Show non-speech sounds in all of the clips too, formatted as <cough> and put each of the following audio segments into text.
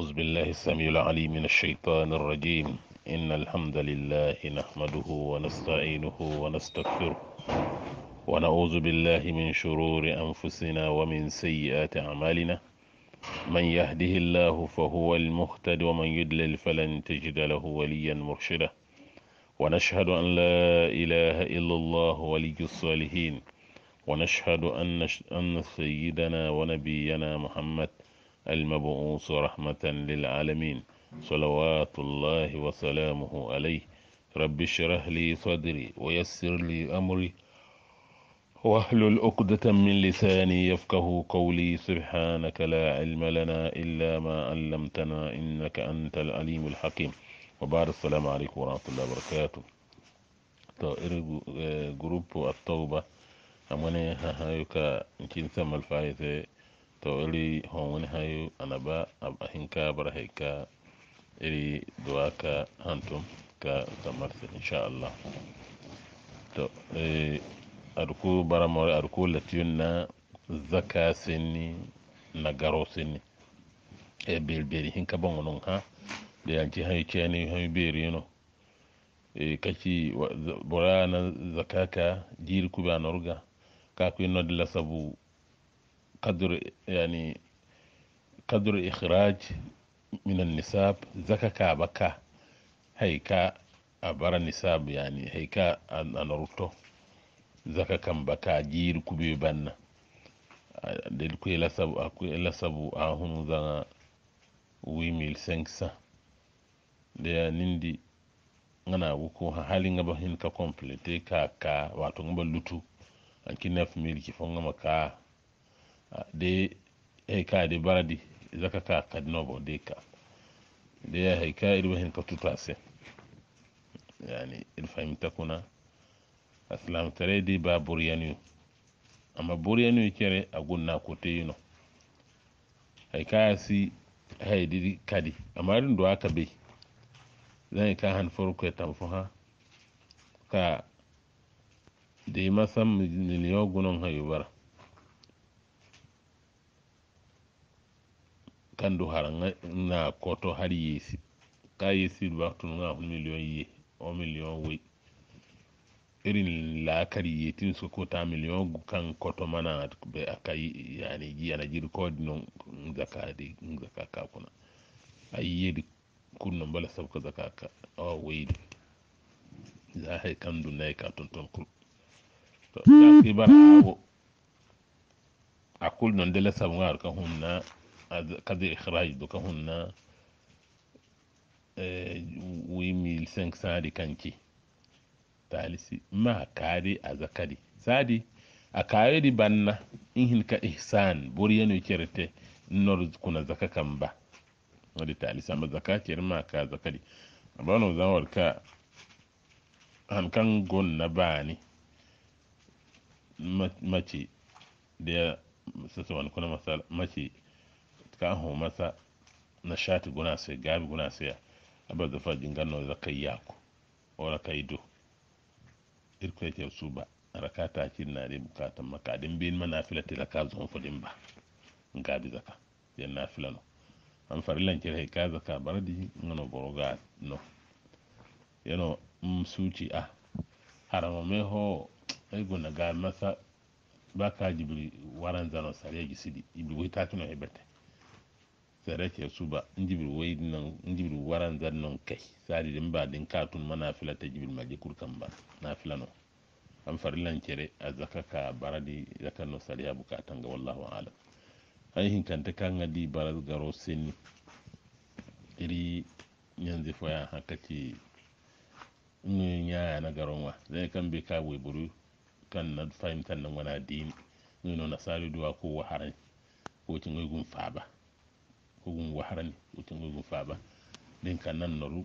أعوذ بالله السميع العليم من الشيطان الرجيم إن الحمد لله نحمده ونستعينه ونستغفره ونعوذ بالله من شرور أنفسنا ومن سيئات أعمالنا من يهده الله فهو المهتد ومن يدلل فلن تجد له وليا مرشدا ونشهد أن لا إله إلا الله ولي الصالحين ونشهد أن سيدنا ونبينا محمد المبعوث رحمة للعالمين صلوات الله وسلامه عليه رب اشرح لي صدري ويسر لي أمري واحلل عقدة من لساني يفقه قولي سبحانك لا علم لنا إلا ما علمتنا إنك أنت العليم الحكيم وبعد السلام عليكم ورحمة الله وبركاته طائر آه، جروب التوبة أمانة هايوكا نتين سما الفايزة tawali honwani hayo anaba abahinka bara haika iri duwa ka hantum ka kamar insha Allah to e, arku bara mawari arku latiyun na zaka sinni na garo sinni e berberi hinka ban wani ha da yanci hayo ciyani biri beri e kaci bora na zakaka jiri kuba norga kakuyi nodila sabu قدر يعني قدر إخراج من النساب زكاكا بكا هيكا أبرا نساب يعني هيكا أنا رتو زكاكا بكا جير كبير بنا del ko ila sabu ako ila sabu a hunu zana 8500 da ya nindi ngana wuko hali ngaba hin ka complete ka ka wato ngaba a an kinaf mil ki fonga maka de heka de baradi zaka ka kadnobo de ka de ya heka irwa hen patutase yani ilfahimta kuna asilam tare de ba buriyanu amma buriyanu kere agun na kote yuno heka si haidi kadi amma rin do aka bai zan ka han farko ya tamfu ha ka da yi masa miliyan gunan hayubara kandu haraŋa na koto hari yesi ka yesi yeesiri ba tun ŋa hun million ye o million we irin laakari ye tin su ko ta million gu kan koto mana be aka yani ji ana jiri kodi non zaka di zaka kuna ayi di kunno bala sab zaka zakaka o we za hay kandu nayi ka tonton <laughs> kul to da kibar awo akul non de la dela ngar ka hunna قدر إخراج دوكا هنا ويميل سنك ساري كانتي talisi ma kari a zakari sadi a kayori banna in ka ihsan buriyanu kirte nor kuna zaka kan ba wadda talisa ma zaka kiri ma ka zakari a bano zawar ka hankan gon na bani mace da ya sassan kuna mace ka masa na shati guna sai gabi guna se ya aba da fa jingan no za kai yako ora kai do irko ke suba rakata kin na dai bukatan maka din bin mana ta la ka zon fudin ba gabi zaka yan na no an farillan kire ka zaka bardi ngano boroga no yano msuci mm, a ah, harama me ho ai guna ga masa baka jibri waran zano sare gisidi ibi wita tuno hebete sere ke su njibir in nan waran zan kai sadi din ba din katun mana fila ta jibir maji kurkan ba na fila no an farillan kere a zaka ka baradi zakan no ya bukatan ga wallahu alam an hinkanta kan ngadi bara ga sen iri yanzu foya haka ce yin yaya na garonwa zai kan bai ka buru kan na fahimtar nan wana dini nuna na sari duwa ko waharan ko cin gun fa ba gun waharani utin gun faba din kan nan noru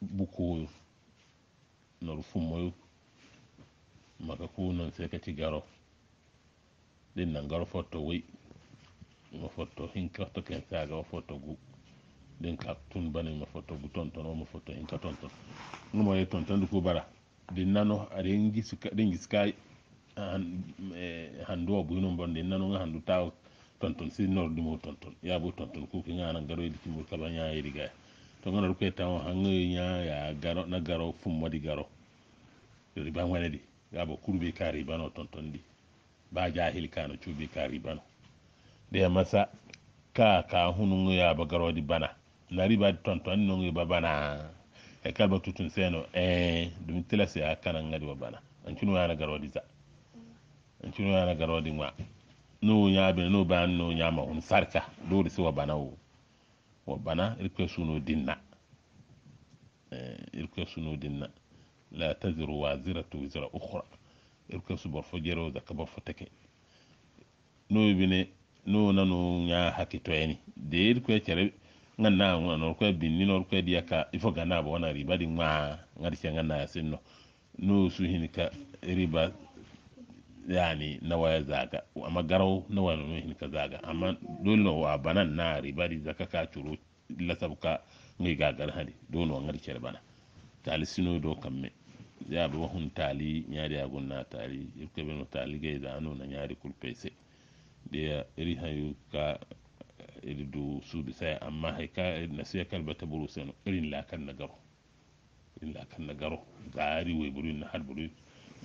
buko noru moyo maka kunon sai ka ci garo din nan garo foto wai ma foto hin ka to ken sa ga foto gu din ka tun bane ma foto gu ton ton ma foto hin ka ton ton numo ye ton ton ko bara din nano arengi ka din sky eh, han do bu non bon din nano handu taw tonton si nordi mo tonton ya bu tonton kuki ngana garoyde cimbur kala yi gaye to ru koye wa o nya ya garo na garo fum modi garo ba yoɗi di ya yaabo kurbi kaari bano tonton di ba jahil kanu cuubi kaari bano de masa ka ka ba garo di bana nari baɗi tonton nongo ba bana e kalba tutun seno e eh, ɗum tilasi ha kanan di ba bana an na yana di za an na yana di ma no y'a be no ba no y'a ma on sarka dole si wa bana o wa bana irke suno dinna irke suno na la taziru waziratu zira ukhra irke su bor fo jero da ka bor fo teke no bine no na no nya hakito yani de irke chere ngan na ngan na ko bin ni nor ko dia ka ifɔ gana bɔ na riba di ŋmaa ma di se ngan na nɔ no su ka riba yani na waya zaga amma garau na wani mai ka zaga amma dole wa banan na ribari zaka ka curo lasabka ngai gagar hadi dole wa ngarke bana tali sino do kamme ya ba hun tali nyaari agun na tali yake bin tali ga da anu na nyaari kul pese de iri hayu ka iri du bi sai amma hay ka nasiya kalba buru sai irin la na garo irin la na garo gari we burin na har buru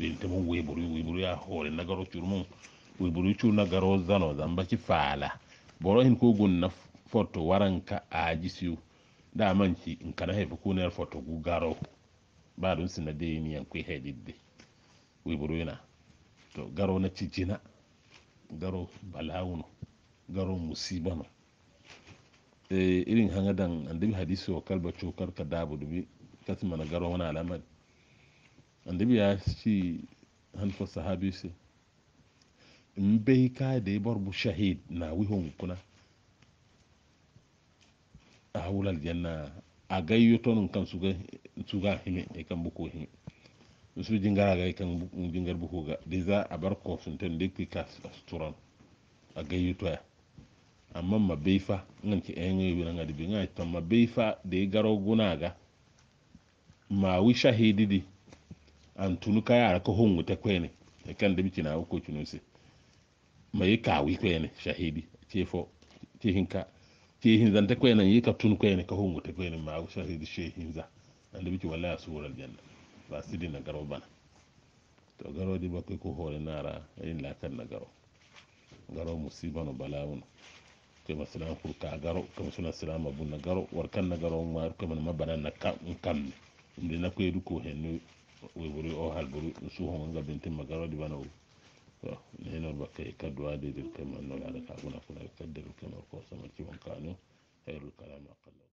tebon weburu weburu ya hore na garo curmu weburu cu na garo zano zamba ki fala boro hin ko gunna foto waranka aji siu da manci in kana hefa kunar foto gu garo ba dun sina de ni yan kai hedidde weburu yana to garo na jina garo balawuno garo musibano eh, irin hanga dan andabi hadisi wa kalba cokar ka dabu dubi kasmana garo wani alamar annabi ya ci hanfo sahabi se in bai ka da ya bu shahid na wihon kuna a hawular janna a gayyotonin kan su ga hime a kan buko hime su jingara ga kan jingar buko ga da za a bar kofin tun da ke ka suturan a gayyoto ya amma ma bai fa nan ki yan yi nan adibi nan ta ma bai fa da ya garo guna ga ma wi shahidi di an tunu kaya ara ko hongu ta kwene e kan da bitina ko tuno se mai ka wi kwene shahidi ce fo ce hinka ce hin zan ta kwene yi ka tun kwene ka hongu ta kwene ma shahidi she hin za an da biki wallahi surar janna ba sidi na garo bana to garo di bakai ko hore nara yin kan na garo garo musiba no balawun kama silam kurka garo kama suna silam abun na garo warkan na garo ma kama na mabanan na kan kan inda na kwai duko hennu wiburu o halburu suho wanga bintin magarodi bana wu nenor bakke kadduwadedir kemal no yaada ka guna funa kadderul kemal ko samal ciwon kanu heyrul kalama aqallahu